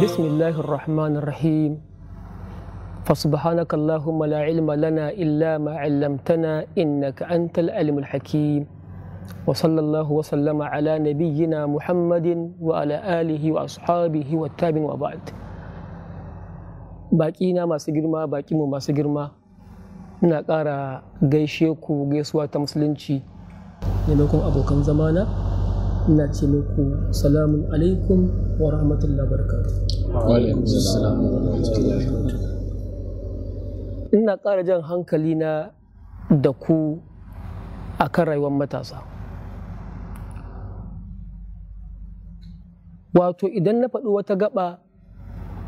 بسم الله الرحمن الرحيم فسبحانك اللهم لا علم لنا إلا ما علمتنا إنك أنت العلم الحكيم وصلى الله وسلم على نبينا محمد وعلى آله وأصحابه والتابعين وبعد باقينا ما سجرما باقي ما سجرما ina ƙara gaishe ku gaisuwa ta musulunci maimakon abokan zamana ina ce muku salamun alaikum wa rahmatullahi barakatuh ina ƙara jan hankali na da ku a kan rayuwar matasa wato idan na faɗi wata gaba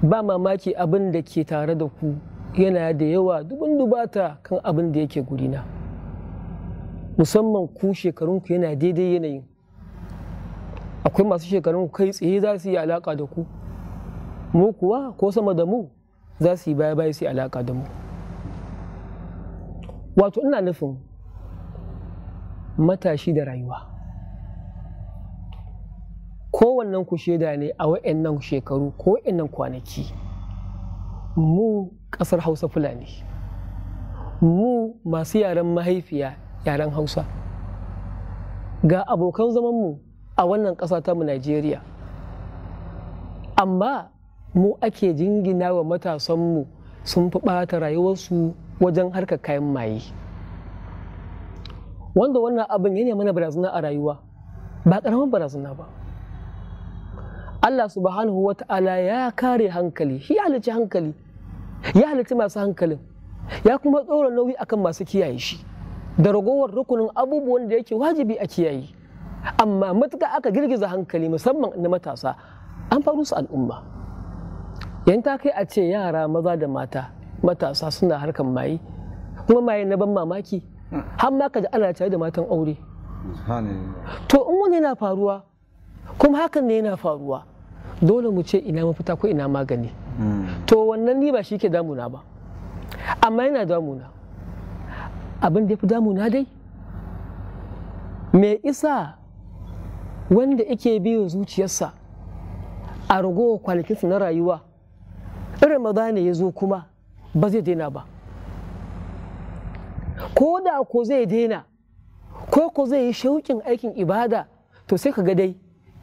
ba mamaki abin da ke tare da ku yana da yawa dubin dubata kan abin da yake gurina musamman ku shekarunku yana daidai yanayin akwai masu shekarun kai tsaye za su yi alaka da ku mu kuwa ko sama da mu za su yi baya baya su yi alaka da mu wato ina nufin matashi da rayuwa kowannen ku shaida ne a wa'annan shekaru ko wa'annan kwanaki mu ƙasar hausa fulani mu masu yaren mahaifiya yaren hausa ga abokan zamanmu a wannan ƙasa ta mu najeriya amma mu ake jingina wa matasanmu sun fi ɓata rayuwarsu wajen harkar kayan maye wanda wannan abin yana mana barazana a rayuwa ba ƙaramin barazana ba Allah subhanahu wa ta'ala ya kare hankali shi halicci hankali ya halici masu hankalin ya kuma tsoron nauyi akan masu kiyaye shi da ragowar rukunin abubuwan da yake wajibi a kiyaye amma matuka aka girgiza hankali musamman na matasa an faru su al'umma yan ta kai a ce yara maza da mata matasa suna harkan maye kuma maye na ban mamaki har ma ka ji ana tare da matan aure to in wani yana faruwa kuma hakan ne yana faruwa dole mu ce ina mafita ko ina magani hmm. to wannan ni ba shi ke damuna ba amma yana damuna abin da ya fi na dai me isa wanda yake biyu zuciyarsa a rago kwanakinsa na rayuwa irin maza ne ya zo kuma ba zai daina ba ko da ko zai daina ko ko zai yi shauƙin aikin ibada to sai ka ga dai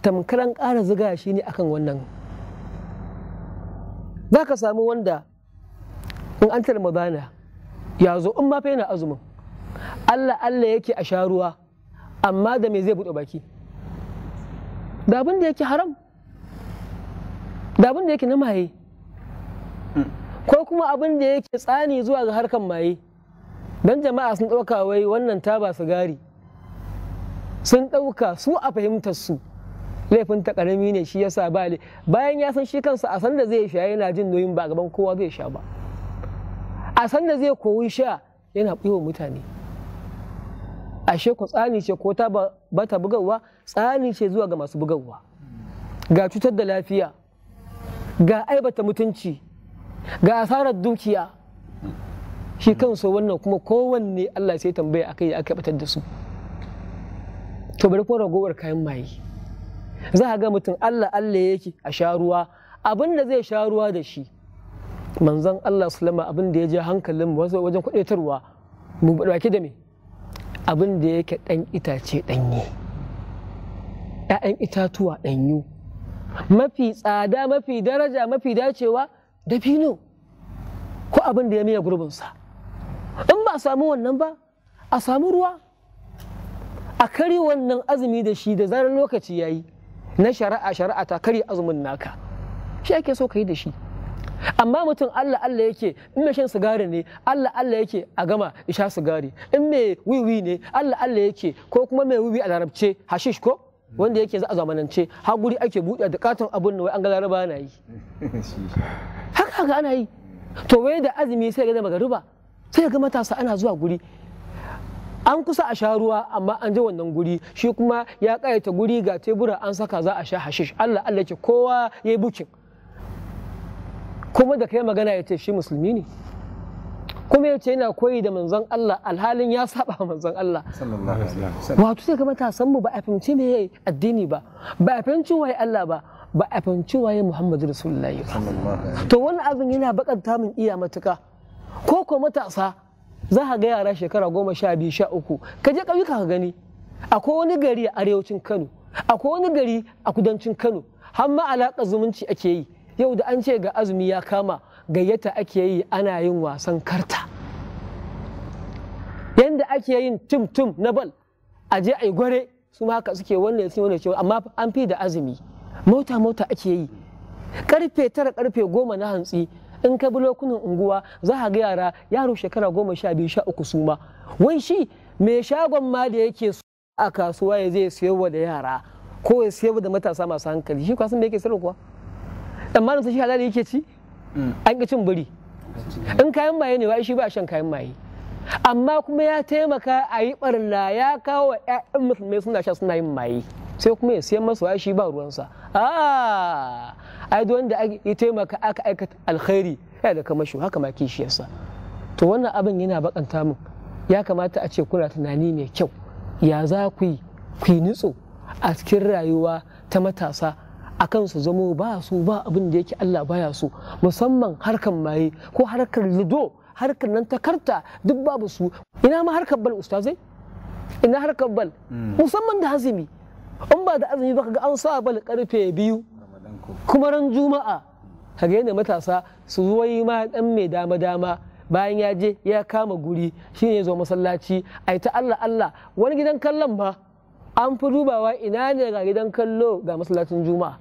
tamkaran kara ziga shi ne akan wannan za ka samu wanda in an ramadana ya zo in ma fa yana azumin Allah Allah yake a sha ruwa amma da me zai buɗe baki da abin da yake haram da abin da yake na maye ko kuma abin da yake tsani zuwa ga harkan maye don jama'a sun ɗauka wai wannan taba sigari sun ɗauka su a fahimtar su laifin ta ƙarami ne shi yasa ba bayan ya san shi kansa a san da zai sha yana jin nauyin ba gaban kowa zai sha ba a san da zai koyi sha yana ɓiwa mutane ashe ku tsani ce ko ta ba ta bugawa tsani ce zuwa ga masu bugawa ga cutar da lafiya ga aibata mutunci ga asarar dukiya shi kansu wannan kuma kowanne Allah sai tambaya akai ya aka batar da su to bari ko ragowar kayan maye za a ga mutum Allah Allah yake a sha ruwa abin da zai sha ruwa da shi manzon Allah sallama abin da ya je hankalin wajen kwadaitarwa mu baki da me abin da yake ɗan itace ɗanye ‘ya'yan itatuwa ɗanyu mafi tsada mafi daraja mafi dacewa da fino ko abin da ya miya gurbinsa in ba a samu wannan ba a samu ruwa a kari wannan azumi da shi da zarar lokaci ya yi na shari'a shari'a ta kari azumin naka shi ake so ka yi da shi amma mutum Allah Allah yake in mai shan sigari ne Allah Allah yake a gama isha sigari in mai wiwi ne Allah Allah yake ko kuma mai wiwi a larabce hashish ko wanda yake za a zamanance har guri ake buɗe da katon abun na wai an ga laraba ana yi haka ga ana yi to wai da azumi sai ga ruba, sai ga matasa ana zuwa guri an kusa a sha ruwa amma an je wannan guri shi kuma ya kayata guri ga tebura an saka za a sha hashish Allah Allah yake kowa yayi bukin kuma da kai magana ya ce shi musulmi ne kuma ya ce yana koyi da manzon Allah alhalin ya saba manzon Allah wato sai kamata matasan mu ba a fahimci me addini ba ba a fahimci waye Allah ba ba a fahimci waye Muhammadu Rasulullahi ba to wani abin yana bakanta min iya matuka ko ko matasa za ka ga yara shekara goma sha biyu sha uku ka je ƙauyuka ka gani akwai wani gari a arewacin Kano akwai wani gari a kudancin Kano har ma alaƙa zumunci ake yi yau da an ce ga azumi ya kama gayyata ake yi ana yin wasan karta yanda ake yin tum tum na bal a je a yi gware su ma haka suke wannan sun wannan cewa amma an fi da azumi mota mota ake yi karfe tara karfe goma na hantsi in ka bi lokunan unguwa za a ga yara yaro shekara goma sha biyu sha uku suma wai shi mai shagon ma da yake a kasuwa ya zai wa da yara ko ya siyarwa da matasa masu hankali shi kwasan da yake sarrafa tsammanin sai shi halali yake ci mm. an ki cin biri in kayan maye ne ba shi ba shan kayan maye amma kuma ya taimaka a yi barna ya kawo wa 'ya'yan musulmai suna sha suna yin maye sai kuma ya siyan masa shi ba ruwan sa a ai da wanda ya taimaka aka aikata alkhairi ya da kamashi haka ma kishiyarsa to wannan abin yana bakanta min ya kamata a ce kuna tunani mai kyau ya za ku yi ku yi nitso a cikin rayuwa ta matasa akan su zamo ba su ba abin da yake Allah baya so musamman harkar maye ko harkar lido harkar nan takarta karta duk babu su ina ma harkar bal ustazai ina harkar bal hmm. musamman da hazimi in ba da azumi ba ga an sa bal karfe biyu kuma ran juma'a kaga yadda matasa su zuwa yi ma dan mai dama dama bayan ya je ya kama guri shine ya zo masallaci ai ta Allah Allah wani gidan kallon ba an fi dubawa ina ne ga gidan kallo ga masallacin juma'a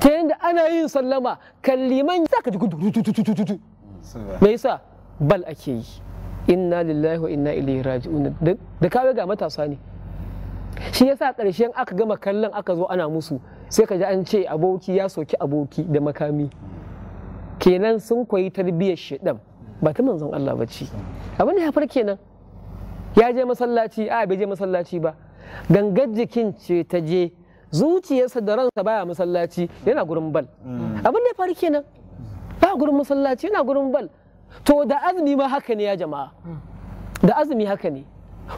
ta yadda ana yin sallama kalliman za ka ji gudu me yasa bal ake yi inna lillahi wa inna ilaihi raji'un da kawai ga matasa ne shi yasa ƙarshen aka gama kallon aka zo ana musu sai ka ji an ce aboki ya soki aboki da makami kenan sun koyi tarbiyyar shedan ba ta manzon Allah ba ce abin da haifar kenan ya je masallaci a bai je masallaci ba gangar jikin ce ta je zuciyarsa da ransa baya masallaci yana gurin bal mm. abin da ya faru kenan ba gurin masallaci yana gurin bal to da azumi ma haka ne ya jama'a mm. da azumi haka ne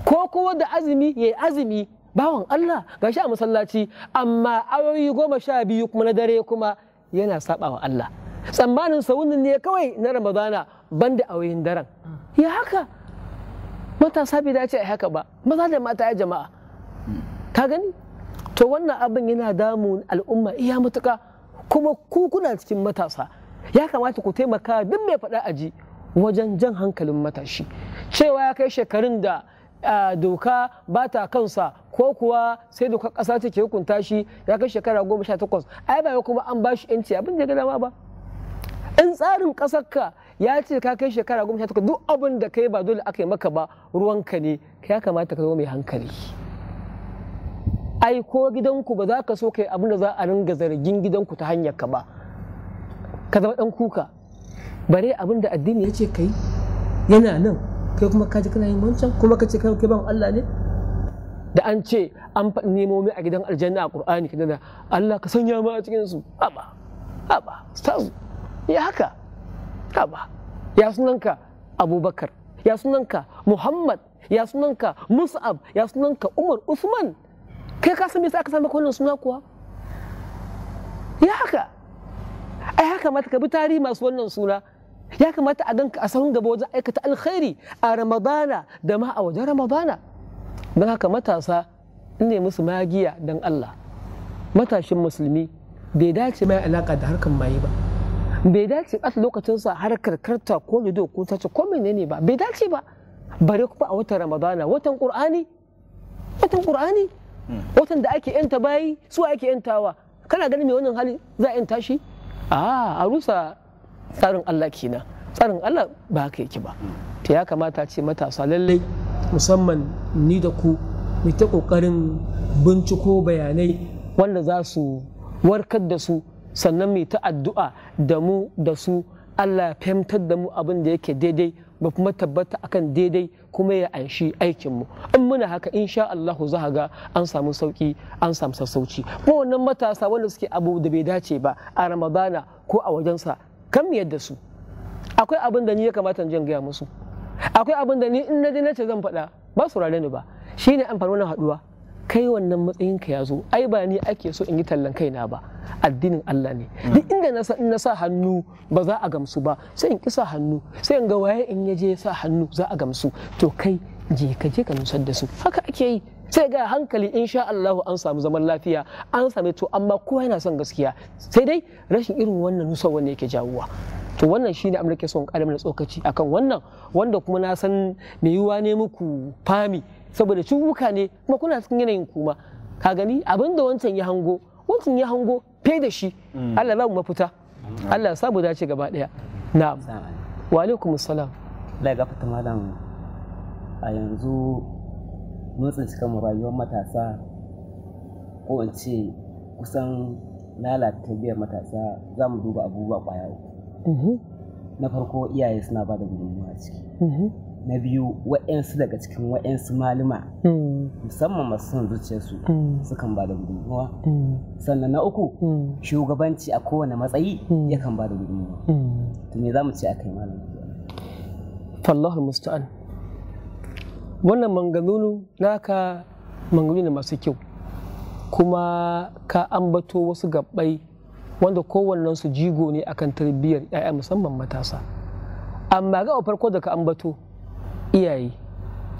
ko kuwa da azumi ya yi azumi bawan Allah ga a masallaci amma ayoyi goma sha biyu kuma na dare kuma yana sabawa Allah tsammanin saunin ne kawai na ramadana da awoyin daren mm. ya haka matasa bai dace a haka ba maza da mata ya jama'a ka gani to wannan abin yana damun al'umma iya matuka kuma ku kuna cikin matasa ya kamata ku taimaka duk mai faɗa aji wajen jan hankalin matashi cewa ya kai shekarun da doka ba ta kansa ko kuwa sai doka ƙasa ce hukunta shi ya kai shekara goma sha takwas ai ba kuma an ba shi yanci abin da ga dama ba in tsarin ƙasarka ya ce ka kai shekara goma sha takwas duk abin da kai ba dole aka yi maka ba ruwanka ne ya kamata ka zo mai hankali. ai ko gidanku ba za ka so kai abin da za a ringa zargin gidanku ta hanyar ka ba ka zama dan kuka bare abin da addini yace kai yana nan kai kuma kaji kana yin wancan kuma ka ce kai ban Allah ne da an ce an nemo mai a gidan aljanna a qur'ani kana Allah ka sanya mu a cikin su haba haba stazu ya haka haba ya sunanka abubakar ya sunanka muhammad ya sunanka mus'ab ya sunanka umar usman kai ka san me aka samu suna kuwa ya haka ai haka mata ka bi tarihi masu wannan suna ya kamata a ganka a sahun gaba wajen aikata alkhairi a ramadana da ma a wajen ramadana don haka matasa ne musu magiya don Allah matashin musulmi bai dace mai alaka da harkar maye ba bai dace ɓata lokacinsa harkar karta ko lido ko tace ko menene ba bai dace ba bare kuma a watan ramadana watan qur'ani watan qur'ani watan da ake yanta bayi su ake yantawa kana ganin mai wannan hali za a yanta shi a a rusa tsarin Allah kenan tsarin Allah ba haka yake ba ta ya kamata ce matasa lallai musamman ni da ku mu ta kokarin binciko bayanai wanda za su warkar da su sannan mai ta addu'a da mu da su Allah ya fahimtar da mu abin da yake daidai ba kuma tabbata akan daidai kuma ya anshi aikin mu in muna haka insha Allah za ga an samu sauki an samu sassauci kuma wannan matasa wanda suke abu da bai dace ba a ramadana ko a wajensa kan da su akwai abin da ni ya kamata in gaya musu akwai abin da ni in na je na ce zan faɗa ba su rare ni ba shine amfani wannan haduwa. kai wannan matsayin ka ya zo ai ba ni ake so in yi tallan kaina ba addinin Allah ne hmm. duk inda na sa hannu ba za a gamsu ba sai in kisa hannu sai in ga waye in yaje sa hannu za a gamsu to kai je ka je ka nusar da su haka ake yi sai ga hankali insha Allah an samu zaman lafiya an same to amma kowa yana son gaskiya sai dai rashin irin wannan nusarwa ne yake jawowa to wannan shine ke son karamin tsokaci akan wannan wanda kuma na san me yiwa ne muku fami saboda ciwuka ne kuma kuna cikin yanayin kuma ka gani abin wancan ya hango wancan ya hango fai da shi mm. Allah za mu mafita mm. Allah sabu dace gaba daya na'am wa alaikum assalam Allah ga fata malam a yanzu mun tsinci rayuwar matasa ko in ce kusan lalata tarbiyyar matasa za mu duba abubuwa kwaya uku mm-hmm. na farko iyaye suna ba da gudunmuwa ciki mm-hmm. na biyu wa'yansu daga cikin wa'yansu malima hmm. musamman masu son zuciyarsu hmm. sukan ba da gudunmuwa hmm. sannan na uku shugabanci a kowane matsayi yakan ba da gudunmuwa to me za mu ce a kai malam fallahu musta'an wannan manganunu naka manganunu masu kyau kuma ka ambato wasu gabbai wanda kowannensu jigo ne akan tarbiyyar 'ya'ya musamman matasa amma ga farko da ka ambato iyaye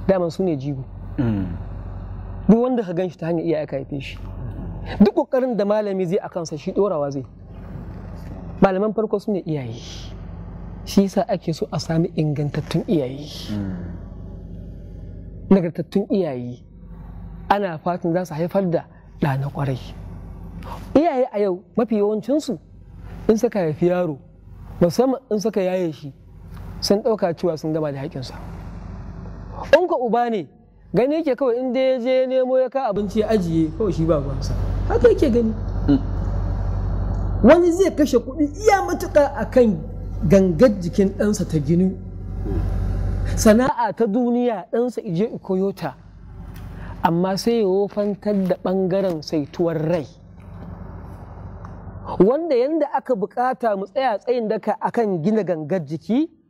daman su ne jigo mm. duk wanda ka gan shi ta hanyar iyaye ka haife shi duk kokarin da malami zai a kansa shi dorawa zai malaman farko su ne iyaye shi yasa ake so a sami ingantattun iyaye mm. nagartattun iyaye ana fatan za su haifar da dana kwarai iyaye a yau mafi yawancinsu in suka haifi yaro musamman in saka yaye shi sun ɗauka cewa sun gama da haƙinsa. wanka uba ne gani yake kawai in ya je nemo ya ka abinci ya ajiye kawai shi ba gwansa haka yake gani wani zai kashe kuɗi iya matuka a kan gangar jikin ɗansa ta ginu sana'a ta duniya ɗansa ije koyota amma sai ya wofantar da ɓangaren saituwar rai wanda yanda aka bukata mu tsaya tsayin daka akan gina gangar jiki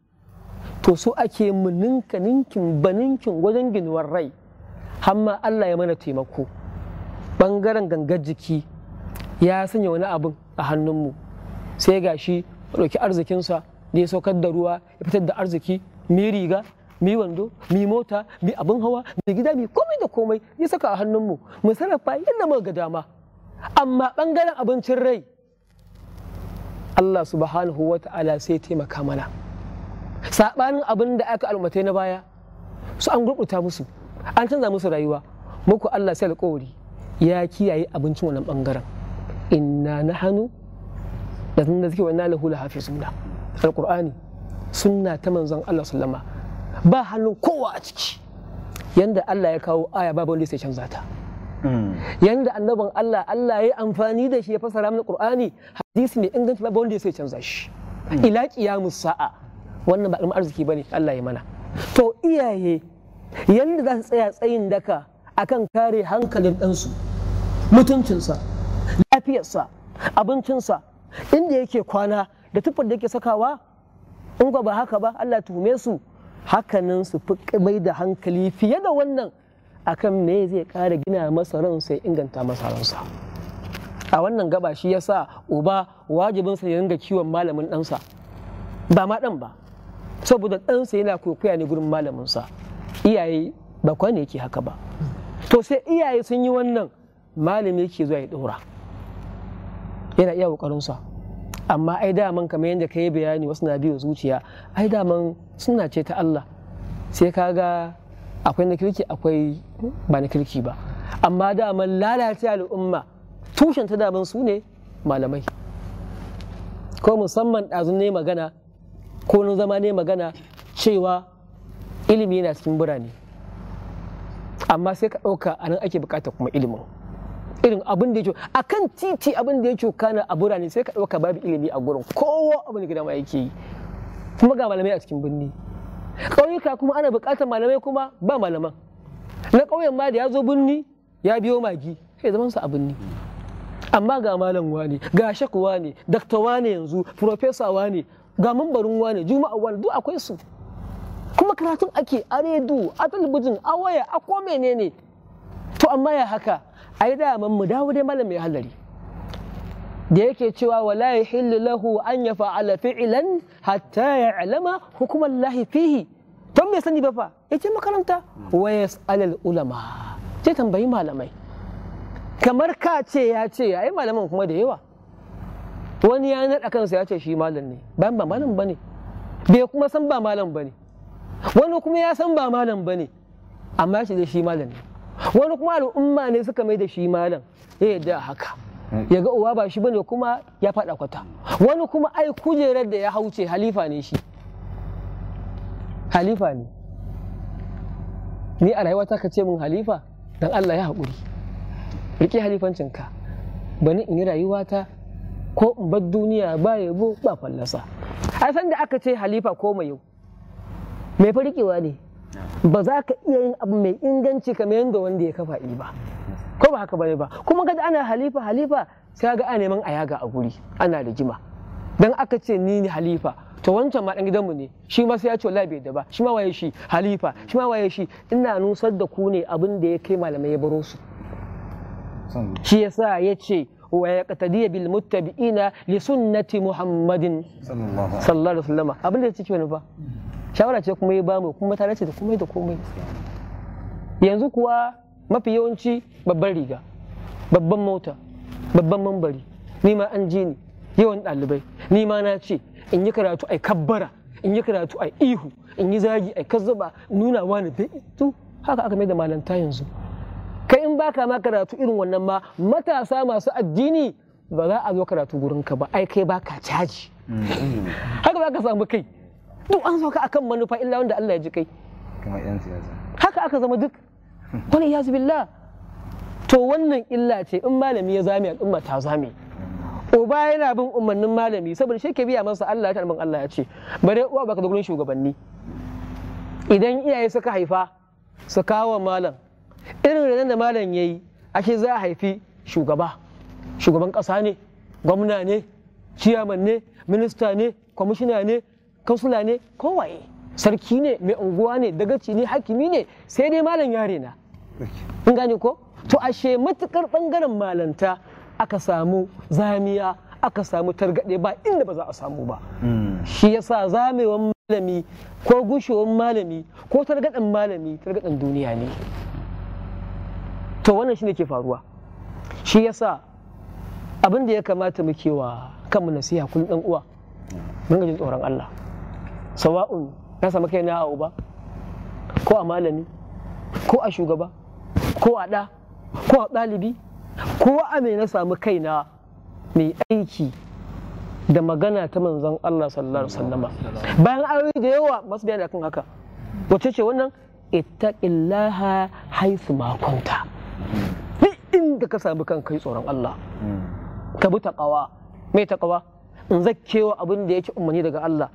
to so ake mu ninka ninkin baninkin wajen ginuwar rai hamma Allah ya mana taimako bangaren gangar jiki ya sanya wani abin a hannunmu sai ga shi ɗauki arzikinsa da ya saukar da ruwa ya fitar da arziki mi riga mi wando mi mota mi abin hawa mi gida mi komai da komai ya saka a hannunmu mu sarrafa yadda muka ga dama amma bangaren abincin rai Allah subhanahu wa ta'ala sai taimaka mana saɓanin abin da aka almatai na baya su an gurɓuta musu an canza musu rayuwa muku Allah sai alƙawari ya kiyaye abincin wannan bangaren inna na hannu da da suke wannan lahula hafizuna alƙur'ani sunna ta manzon Allah sallama ba hannun kowa a ciki yanda Allah ya kawo aya babu wanda ya canza ta hmm. yanda annabin Allah Allah ya yi amfani da shi ya fasara mana Qur'ani hadisi ne inganci babu wanda ya canza shi hmm. ila qiyamus sa'a wannan ba ƙaramin arziki ne Allah ya mana to iyaye yadda za su tsaya tsayin daka akan kare hankalin ɗansu mutuncinsa lafiyarsa abincinsa inda yake kwana da tufar da yake sakawa in ba haka ba Allah ya tuhume su hakanan su fi mai da hankali fiye da wannan akan me zai kare gina masa ran ya inganta masa ransa a wannan gaba shi ya sa uba wajibinsa ya ringa kiwon malamin ɗansa ba ma ɗan ba saboda ɗansa yana kokoya ne gurin malaminsa iyaye ba kwane yake haka ba to sai iyaye sun yi wannan malami yake zuwa ya ɗora yana iya ƙoƙarinsa amma ai daman kamar yadda ka yi bayani wasu na biyu zuciya ai daman suna ce ta Allah sai ka ga akwai na kirki akwai ba na kirki ba amma daman lalace al'umma tushen ta daman su ne malamai ko musamman ɗazun ne magana ko na zama ne magana cewa ilimi yana cikin birane amma sai ka ɗauka a nan ake bukata kuma ilimin irin abin da ya a kan titi abin da ya kana a birane sai ka ɗauka babu ilimi a gurin kowa abin da gida ma yake yi kuma ga malamai a cikin birni ƙauyuka kuma ana bukatar malamai kuma ba malaman na ƙauyen ma da ya zo birni ya biyo magi sai zaman su a birni amma ga malam wani ga shakuwa ne daktawa ne yanzu profesa ne ga mambarin wane juma'a wane duk akwai su kuma karatun ake a redu a talabijin a waya a ko menene to amma ya haka a yi daman mu dawo dai malam mai halari da yake cewa wala yahillu lahu an ya fa'ala fi'lan hatta ya'lama hukuman lahi fihi don bai sani ba fa yace makaranta wa yas'alul ulama je tambayi malamai kamar ka ce ya ce yayi malaman kuma da yawa wani ya naɗa kansa ya ce shi malam ne bayan ba malam bane? bai kuma san ba malam bane? wani kuma ya san ba malam bane amma ya ce da shi malam ne wani kuma al'umma ne suka mai da shi malam ya yadda haka ya ga uwa ba shi bane kuma ya faɗa kwata wani kuma ai kujerar da ya hauce halifa ne shi halifa ne ni a rayuwata ka ce min halifa dan Allah ya haƙuri riƙe halifancinka bani in yi rayuwata ko in bar duniya ba yabo ba fallasa a san da aka ce halifa ko mai yau mai farkewa ne ba za ka iya yin abu mai inganci kamar yadda wanda ya kafa ba ko ba haka bane ba kuma kada ana halifa halifa sai ga ana neman ayaga a guri ana rigima dan aka ce ni ne halifa to wancan ma dan gidanmu ne shi ma sai ya ce wallahi bai da ba shi ma waye shi halifa shi ma waye shi ina nusar da ku ne abin da ya kai malamai ya baro su shi yasa ya ce ويقتدي بالمتبعين لسنة محمد صلى الله عليه وسلم abin da ciki wani ba shawara ce kuma ya bamu kuma tare ce da komai da komai yanzu kuwa mafi yawanci babban riga babban mota babban mambari ni ma an ji ni yawan ɗalibai ni ma na ce in yi karatu ai kabbara in yi karatu ai ihu in yi zagi ai kazzaba nuna wani tun haka aka mai da malanta yanzu baka ma karatu irin wannan ma matasa masu addini ba za a zo karatu ka ba ai kai baka caji mm-hmm. haka za ka samu kai duk an sauka akan manufa illa wanda Allah ya ji kai haka aka zama duk wani ya billah to wannan illa ce in malami ya zame umma ta zame uba yana bin umarnin malami saboda shi ke biya masa Allah ya tarbin Allah ya ce bare uwa baka da gurin shugabanni idan iyaye suka haifa su kawo malam irin renon da malam ya yi ashe za a haifi shugaba shugaban ƙasa ne gwamna ne ciyaman ne minista ne kwamishina ne kansula ne kowaye sarki ne mai unguwa ne dagaci ne hakimi ne sai dai malam yare na in gane ko to ashe matukar bangaren malanta aka samu zamiya aka samu targaɗe ba inda ba za a samu ba hmm. shi yasa zamewan malami ko gushewan malami ko targaɗen malami targaɗen duniya ne to wannan shine ke faruwa shi yasa abin da ya kamata muke wa kanmu nasiha kullum ɗan uwa mun ga tsoron Allah sawa'un na samu kaina a uba ko a malami ko a shugaba ko a ɗa ko a ɗalibi ko a mai na samu na mai aiki da magana ta manzon Allah sallallahu alaihi wasallama bayan ayoyi da yawa masu bayani akan haka wace ce wannan ittaqillaha haythu ma kunta duk inda ka sami kan kai tsoron Allah ka bi taqawa me taqawa in zakkewa abin da yake umarni daga Allah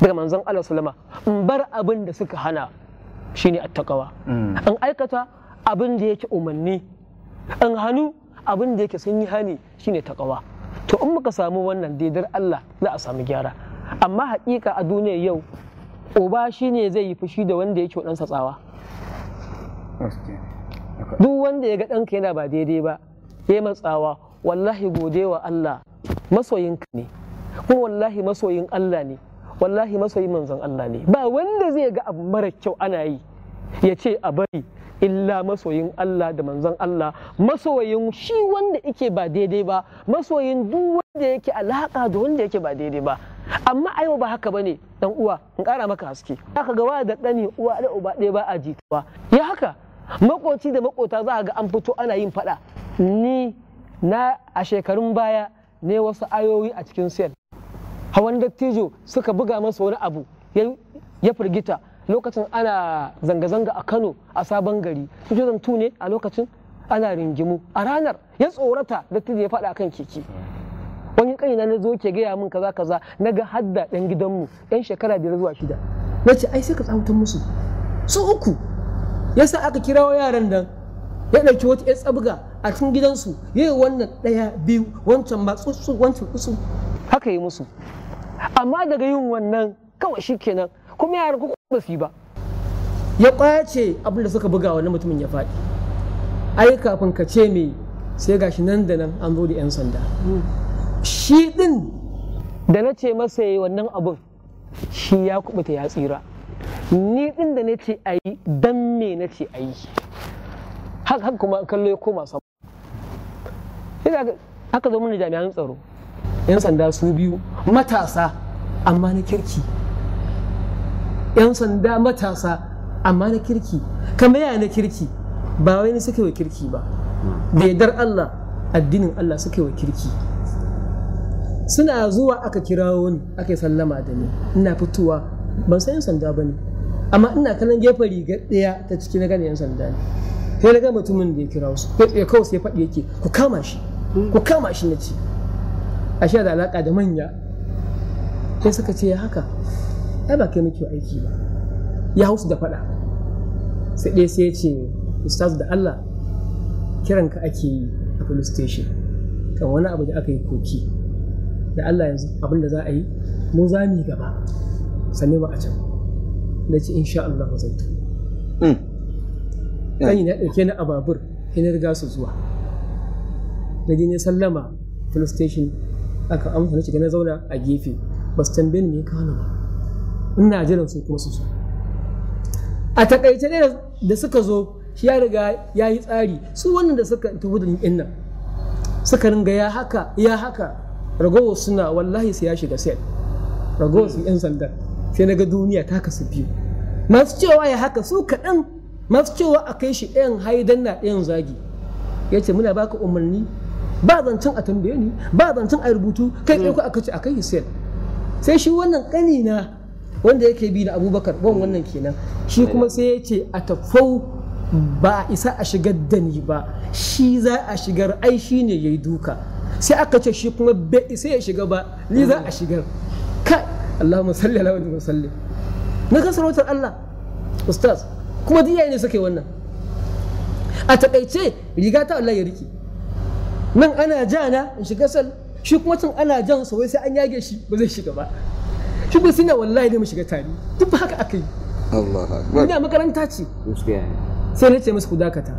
daga manzon Allah sallama in bar abin da suka hana shine attaqawa in aikata abin da yake umarni in hannu abin da yake sun yi hani shine taqawa to in muka samu wannan daidar Allah za a samu gyara amma haƙiƙa a duniya yau uba shine zai yi fushi da wanda yake wadansa tsawa duk wanda ya ga ɗanka yana ba daidai ba ya matsawa wallahi gode wa Allah masoyinka ne kuma wallahi masoyin Allah ne wallahi masoyin manzon Allah ne ba wanda zai ga abu mara kyau ana yi ya ce a bari illa masoyin Allah da manzon Allah masoyin shi wanda yake ba daidai ba masoyin duk wanda yake alaka da wanda yake ba daidai ba amma a yau ba haka bane dan uwa in kara maka haske aka ga wa da dani uwa da uba ɗaya ba a jituwa ya haka makoci da makota za a ga an fito ana yin faɗa ni na a shekarun baya ne wasu ayoyi a cikin sel hawan dattijo suka buga masa wani abu ya firgita lokacin ana zanga-zanga a kano a sabon gari zan ne a lokacin ana ringimu a ranar ya tsorata dattijo ya faɗa kan keke wani kai na zo ke gaya min kaza kaza na ga hadda ɗan gidanmu yan shekara biyar zuwa shida na ce ai sai ka tsawutan musu su uku yasa aka kirawo yaran nan ya ɗauki wata ya tsabga a cikin gidansu ya yi wannan ɗaya biyu wancan ba tsutsu wancan tsutsu haka yi musu amma daga yin wannan kawai shi kenan kuma yaran ku ba su yi ba ya ƙwace abin da suka buga wani mutumin ya faɗi ai kafin ka ce me sai gashi nan da nan an zo da 'yan sanda shi ɗin da na ce masa wannan abun shi ya kubuta ya tsira ni din da nace ayi dan me nace ayi yi. haka kuma kallo ya koma sama Haka zo mana jami'an tsaro yan sanda su biyu matasa amma na kirki yan sanda matasa amma na kirki kamar yana na kirki ba wai ne suka wa kirki ba da yardar Allah addinin Allah suka wa kirki suna zuwa aka kirawo ni aka sallama da ni ina fitowa ban san yan sanda ba ne amma ina kallon gefen riga ɗaya ta ciki na gane yan sanda ne sai na ga mutumin da ya kira wasu ya kawo sai faɗi yake ku kama shi ku kama shi na ce shi da alaƙa da manya sai suka ce ya haka ai ba kai muke aiki ba ya hausu da faɗa sai ɗaya sai ya ce ustaz da Allah kiranka ake yi a police station kan wani abu da aka yi koki da Allah yanzu abin da za a yi mu za mu gaba sannu ba a can na in insha Allah zai to yi na ɗauke na ababur sai na riga su zuwa na je ne sallama police station aka amfani na shiga na zauna a gefe ba su tambaye ni kano ba ina jiran su kuma su zo a takaice ne da suka zo shi ya riga ya yi tsari su wannan da suka tafi da ɗin nan suka ringa ya haka ya haka ragowar suna wallahi sai ya shiga sel ragowar su 'yan sanda sai na ga duniya ta kasu biyu masu cewa ya haka su kaɗan masu cewa a kai shi ɗayan haidan na ɗayan zagi ya ce muna baka umarni ba zancen a tambaye ni ba zancen a rubutu kai kai ku aka ce a akai Hussein sai shi wannan kani wanda yake bi na Abubakar ban wannan kenan shi kuma sai ya ce a tafau ba a isa a shigar da ni ba shi za a shigar ai shi ne ya yi duka sai aka ce shi kuma bai isa ya shiga ba ni za a shigar kai Allahumma salli ala wa sallim na kan sarautar Allah ustaz kuma diyaye ne suke wannan a takaice riga ta Allah ya riki nan ana jana in shiga sal shi kuma can ana jan sa sai an yage shi ba zai shiga ba shi kuma suna wallahi ne mu shiga tare duk ba haka aka yi Allah ina makaranta ce sai na ce musu ku dakata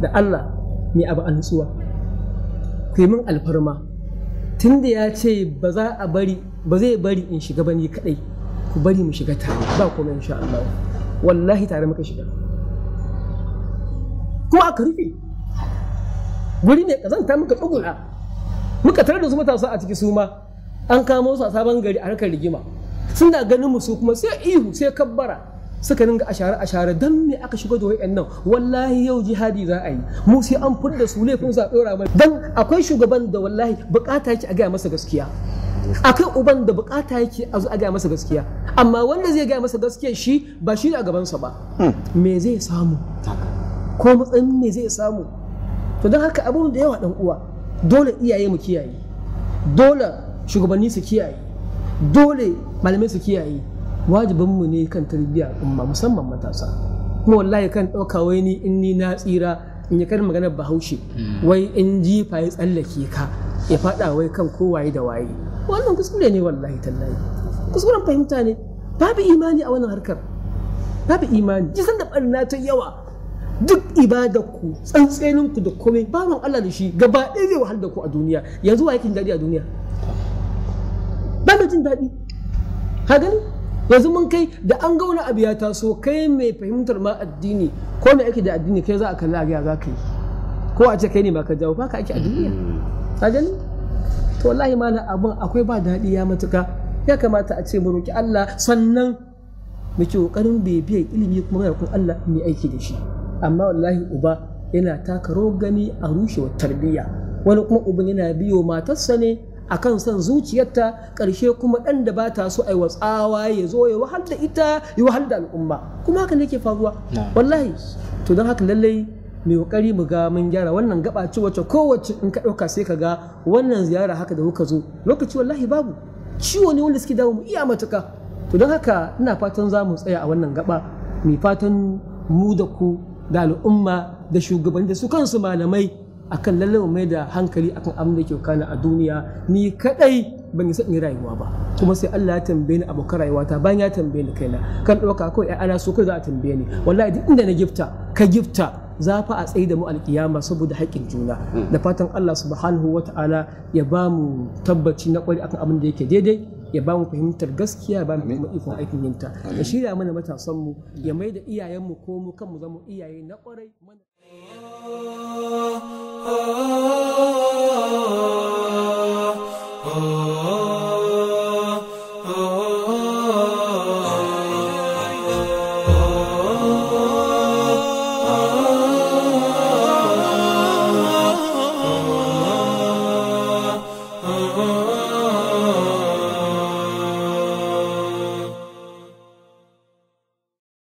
da Allah ni abu an tsuwa ku yi min alfarma tunda ya ce ba za a bari ba zai bari in shiga ba ni kadai ku bari mu shiga tare ba komai insha Allah wallahi tare muka shiga kuma aka rufe guri ne kazanta muka tsugula muka tare da su matasa a ciki su ma an kamo su a sabon gari a harkar rigima suna ganin mu su kuma sai ihu sai kabbara suka dinga ashare ashare dan me aka shigo da wayan nan wallahi yau jihadi za a yi mu sai an fudda su laifin su a dora mana dan akwai shugaban da wallahi bukata yake a gaya masa gaskiya akwai uban da bukata yake a zo a gaya masa gaskiya amma wanda zai gaya masa gaskiya shi ba shi ne a gabansa ba hmm. me zai samu ko matsayin me zai samu to don haka abun da yawa dan uwa dole iyaye mu kiyaye dole shugabanni su kiyaye dole malamai su kiyaye mu ne kan tarbiyya umma musamman matasa kuma wallahi kan dauka wai ni in ni na tsira in ya kar maganar bahaushe hmm. wai in jifa ya tsallake ka ya faɗa wai kan kowaye da waye wannan kuskure ne wallahi tallahi kuskuren fahimta ne babu imani a wannan harkar babu imani ji san da barna ta yawa duk ku tsantseninku da komai bawan Allah da shi gaba ɗaya zai wahal da ku a duniya yanzu wa yake jin daɗi a duniya ba mai jin daɗi ka gani yanzu mun kai da an ga wani abu ya taso kai mai fahimtar ma addini ko mai aiki da addini kai za a kalla a gaya za ka yi ko a ce kai ne ba ka jawo ba ka aiki a duniya mm. ka gani to wallahi malam abun akwai ba daɗi ya matuka ya kamata a ce mu roki Allah sannan muke kokarin bibiyar ilimi kuma ga kun Allah mai aiki da shi amma wallahi uba yana taka rogani a rushewar tarbiyya wani kuma uban yana biyo matarsa ne akan son zuciyarta ƙarshe kuma ɗan da ba ta so aiwa tsawa ya zo ya wahal da ita ya wahal da al'umma kuma haka ne ke faruwa wallahi to don haka lallai mai kokari mu ga mun gyara wannan gaba ce wacce kowace in ka ɗauka sai ka ga wannan ziyara haka da kuka zo lokaci wallahi babu ciwo ne wanda suke dawo mu iya matuka to don haka ina fatan za mu tsaya a wannan gaba mai fatan mu da ku da al'umma da shugabanni da su kansu malamai akan lallai mai da hankali akan abin da ke kana a duniya ni kadai ban yi in rayuwa ba kuma sai Allah ya tambaye ni abokan rayuwata bayan ya tambaye ni kaina kan ɗauka kawai ana so kai za a tambaye ni wallahi duk inda na gifta ka gifta za fa a tsaye da mu alkiyama saboda haƙƙin juna da fatan Allah subhanahu wa ta'ala ya ba mu tabbaci na ƙwari akan abin da yake daidai ya ba mu fahimtar gaskiya ba mu kuma ikon aikin yinta ya shirya mana matasan mu ya mai da iyayen mu ko mu kanmu zama iyaye na ƙwarai mana